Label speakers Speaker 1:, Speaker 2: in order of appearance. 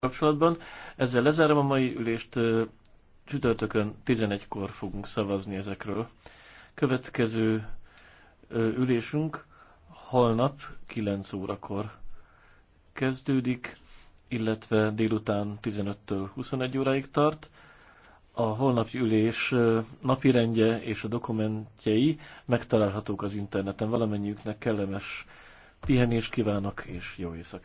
Speaker 1: kapcsolatban. Ezzel lezárom a mai ülést. Csütörtökön 11-kor fogunk szavazni ezekről. Következő ülésünk holnap 9 órakor kezdődik, illetve délután 15-től 21 óráig tart. A holnapi ülés napirendje és a dokumentjei megtalálhatók az interneten. Valamennyiüknek kellemes pihenést kívánok, és jó éjszakát!